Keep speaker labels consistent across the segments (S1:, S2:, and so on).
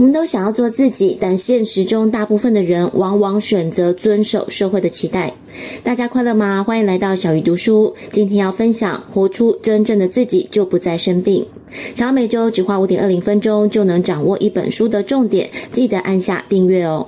S1: 我們都想要做自己，但現實中大部分的人往往選擇遵守社會的期待。大家快樂嗎？歡迎來到小魚讀書。今天要分享：活出真正的自己，就不再生病。想要每周只花五點二零分鐘就能掌握一本書的重點，記得按下訂閱哦。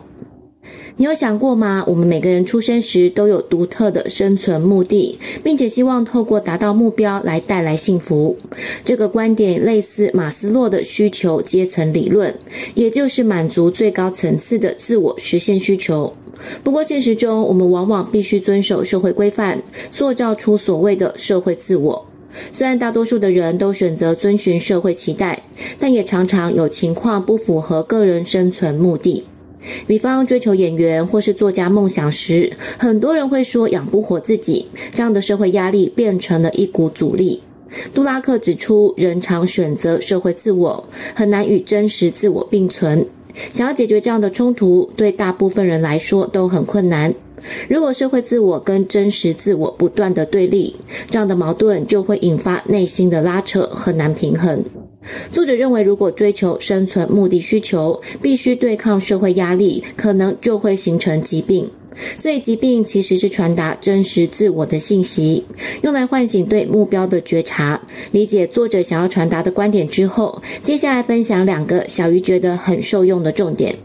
S1: 你有想過嗎？我們每個人出生時都有獨特的生存目的，並且希望透過達到目標來帶來幸福。這個觀點類似馬斯洛的需求階層理論，也就是滿足最高層次的自我實現需求。不過現實中，我們往往必須遵守社會規範，塑造出所謂的社會自我。雖然大多數的人都選擇遵循社會期待，但也常常有情況不符合個人生存目的。比方追求演員或是作家夢想時，很多人會說養不活自己，這樣的社會壓力變成了一股阻力。杜拉克指出，人常選擇社會自我，很難與真實自我並存。想要解決這樣的衝突，對大部分人來說都很困難。如果社會自我跟真實自我不斷地對立，這樣的矛盾就會引發內心的拉扯，很難平衡。作者認為，如果追求生存目的需求必須對抗社會壓力，可能就會形成疾病。所以，疾病其實是傳達真實自我的信息，用來喚醒對目標的覺察。理解作者想要傳達的觀點之後，接下來分享兩個小魚覺得很受用的重點。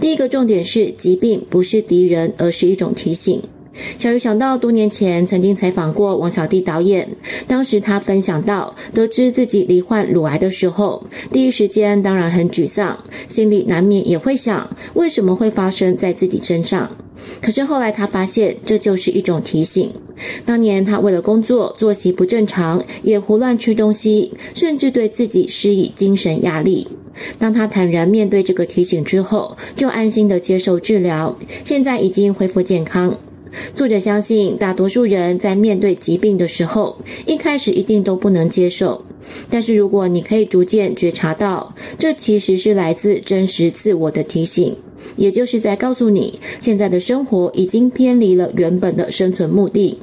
S1: 第一個重點是，疾病不是敵人，而是一種提醒。小魚想到多年前曾經採訪過王小棣導演，當時他分享到，得知自己罹患乳癌的時候，第一時間當然很沮喪，心裡難免也會想，為什麼會發生在自己身上？可是後來他發現，這就是一種提醒。當年他為了工作，作息不正常，也胡亂吃東西，甚至對自己施以精神壓力。當他坦然面對這個提醒之後，就安心地接受治療，現在已經恢復健康。作者相信，大多數人在面對疾病的時候，一開始一定都不能接受。但是，如果你可以逐漸覺察到，這其實是來自真實自我的提醒，也就是在告訴你，現在的生活已經偏離了原本的生存目的。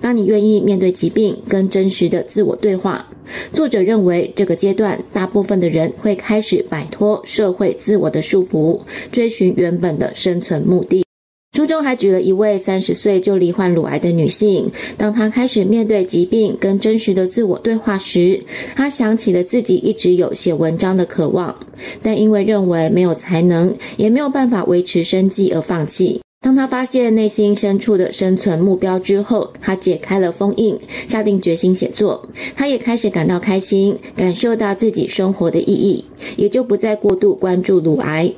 S1: 當你願意面對疾病，跟真實的自我對話，作者認為，這個階段大部分的人會開始擺脫社會自我的束縛，追尋原本的生存目的。書中還舉了一位三十歲就罹患乳癌的女性，當她開始面對疾病跟真實的自我對話時，她想起了自己一直有寫文章的渴望，但因為認為沒有才能，也沒有辦法維持生計而放棄。當他發現內心深處的生存目標之後，他解開了封印，下定決心寫作。他也開始感到開心，感受到自己生活的意義，也就不再過度關注乳癌。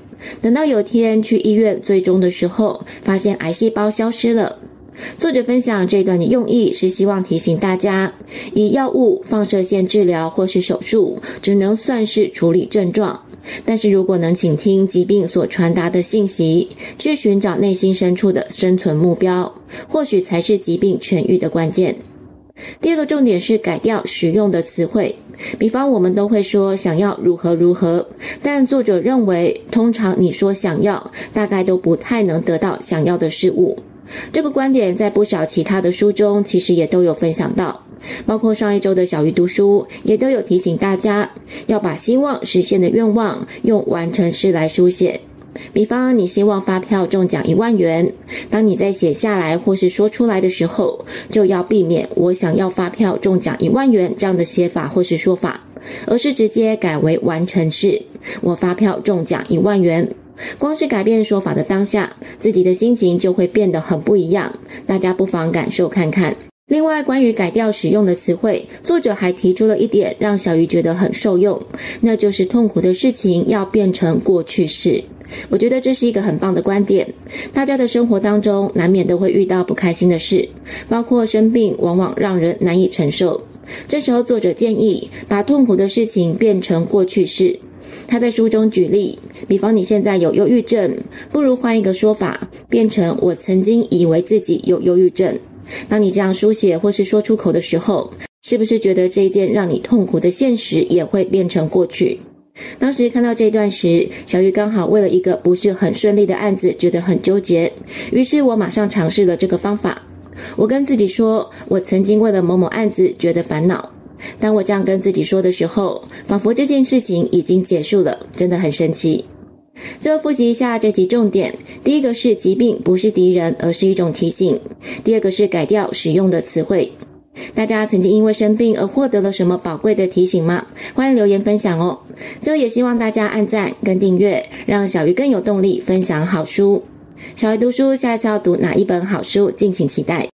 S1: 等到有天去醫院追蹤的時候，發現癌細胞消失了。作者分享這段的用意是希望提醒大家，以藥物、放射線治療或是手術，只能算是處理症狀。但是，如果能傾聽疾病所傳達的信息，去尋找內心深處的生存目標，或許才是疾病痊愈的關鍵。第二個重點是改掉使用的詞彙，比方我們都會說想要如何如何，但作者認為，通常你說想要，大概都不太能得到想要的事物。這個觀點在不少其他的書中其實也都有分享到。包括上一周的小魚讀書，也都有提醒大家要把希望實現的願望用完成式來書寫。比方，你希望發票中獎一萬元，當你在寫下來或是說出來的時候，就要避免“我想要發票中獎一萬元”這樣的寫法或是說法，而是直接改為完成式“我發票中獎一萬元”。光是改變說法的當下，自己的心情就會變得很不一樣。大家不妨感受看看。另外，關於改掉使用的詞彙，作者還提出了一點讓小魚覺得很受用，那就是痛苦的事情要變成過去式。我覺得這是一個很棒的觀點。大家的生活當中難免都會遇到不開心的事，包括生病，往往讓人難以承受。這時候，作者建議把痛苦的事情變成過去式。他在書中舉例，比方你現在有憂鬱症，不如換一個說法，變成我曾經以為自己有憂鬱症。當你這樣書寫或是說出口的時候，是不是覺得這一件讓你痛苦的現實也會變成過去？當時看到這一段時，小魚剛好為了一個不是很順利的案子覺得很糾結，於是我馬上嘗試了這個方法。我跟自己說，我曾經為了某某案子覺得煩惱。當我這樣跟自己說的時候，仿佛這件事情已經結束了，真的很神奇。最後複習一下這集重點。第一個是疾病不是敵人，而是一種提醒。第二個是改掉使用的詞彙。大家曾經因為生病而獲得了什麼寶貴的提醒嗎？歡迎留言分享哦。最後也希望大家按讚跟訂閱，讓小魚更有動力分享好書。小魚讀書下一次要讀哪一本好書，敬請期待。